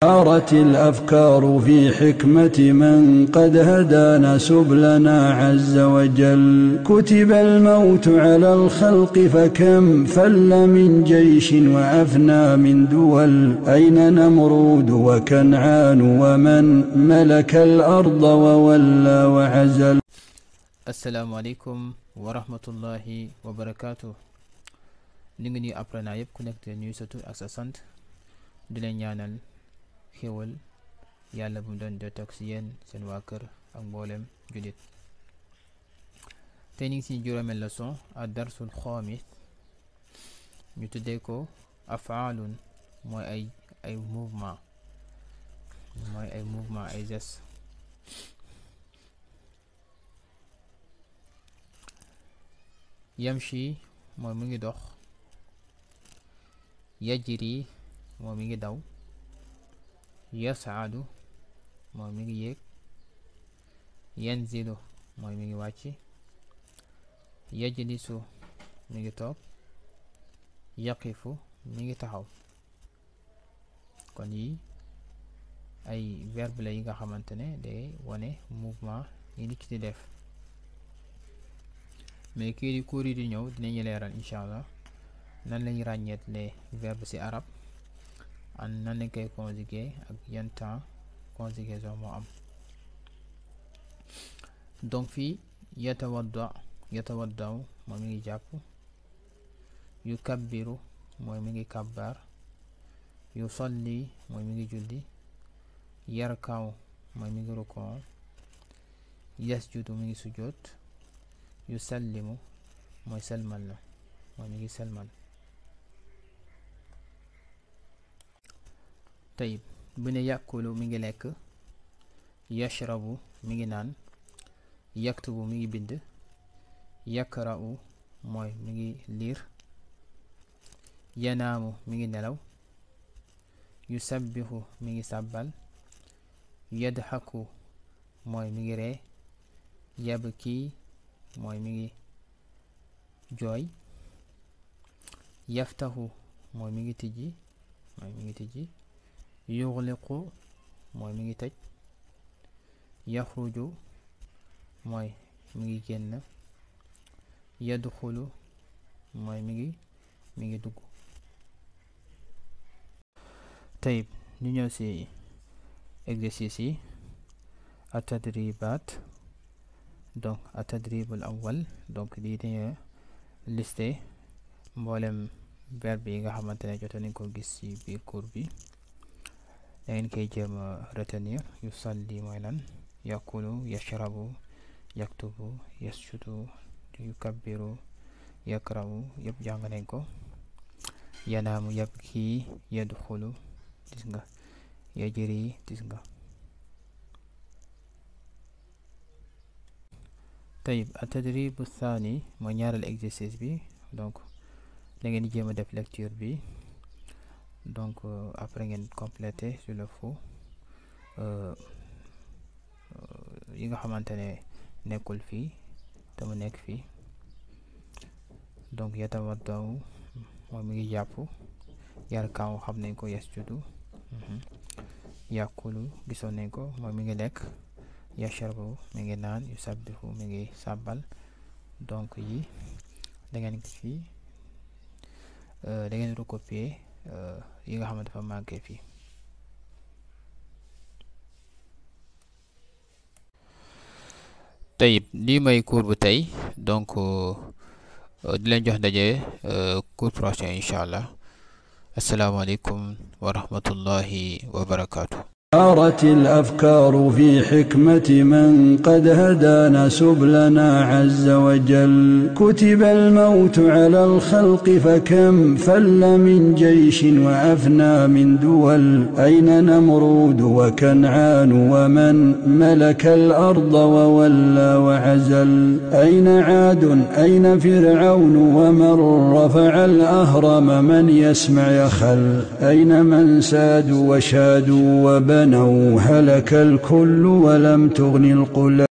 أرت الأفكار في حكمة من قد هدانا سبلنا عز وجل كتب الموت على الخلق فكم فل من جيش وأفنى من دول أين نمرود وكنعان ومن ملك الأرض وولى وعزل السلام عليكم ورحمة الله وبركاته نيجي أبرنا يبكو نكتر نيوسة أساسانت دلنيانا xéwal yàlla bu mu doon jotak ci yéen seen waa kër ak mboolem jullit te ñu ngi si juróomeel leçon ak darsul xaamis ñu tuddee ko afaalun mooy ay ay mouvement mooy ay mouvement ay geste yamshi mooy mu ngi dox yajiri mooy mu ngi daw yasaadu mooy mi ngi yéeg yenn yanzilu mooy mi ngi wàcc yajlisu mi ngi toog yaqifu mi ngi taxaw kon yi ay verbe la yi nga xamante ne day wane mouvement yi nit ki di def mais kii di cours yi di ñëw dinañu leeral incha allah nan lañu ràññeetle les verbes ci arab an nan lañ koy conjuguer ak yan temps conjugaison moo am donc fii yatawadda yatawaddaw mooy mi ngi jàpp yu kabbiru mooy mi ngi kabbaar yu solli mooy mi ngi julli yarkaw mooy mi ngi rukon yasjudu mi sujjoot yu sallimu mooy selmal la mooy mi ngi selmal tayib bu ne yàkkulu mi ngi lekk yashrabu mi ngi naan yaktubu mi ngi bind yakra'u mooy mi ngi liir yanaamu mi ngi nelaw yusabbixu mi ngi sàbbal yadxaku mooy mi ngi ree yabki mooy mi ngi jooy yaftaxu mooy mi ngi tijji mooy mi ngi tijji yuxliqu mooy mi ngi tëj yaxruju mooy mi ngi génn yadxulu mooy mi ngi mi ngi dugg tayib ñu ñëw ci exercice yi atadribat donc atadribul awal donc lii dañu listé mboolem verbe yi nga xamante ne jotoon ko gis ci biir cours bi da ngeen koy jéem a retenir yusalli mooy lan yakulu yashrabu yaktubu yasjudu yukabbiru yakrawu yëpp jàng nañ ko yanaamu yabki yadxulu gis nga yajri gis nga tayib atadribu thani mooy ñaareelu exercice bi donc da ngeen jéem a def lecture bi donc euh, après ngeen complété sur le faux euh, euh, yi nga xamante ne nekkul fii te mu nekk fii donc yatawaddaw moom mi ngi jàpp yarkaaw xam nañ ko yasjudu mhm. yàkkulu gisoon nañ ko moom mi ngi lekk yashrabu mi ngi naan yu sabbihu mi ngi sàbbal donc yi dangeen fii da ngeen recopier Euh, yi nga xam dafa manqué fii tayib lii may cours bu tey donc euh, di leen jox ndaje euh, cours prochain incha allah asalaamaaleykum wa rahmatullahi wa barakaatu. أرت الأفكار في حكمة من قد هدانا سبلنا عز وجل كتب الموت على الخلق فكم فل من جيش وأفنى من دول أين نمرود وكنعان ومن ملك الأرض وولى وعزل أين عاد أين فرعون ومن رفع الأهرم من يسمع يخل أين من ساد وشاد وبال فبانوا هلك الكل ولم تغن القلوب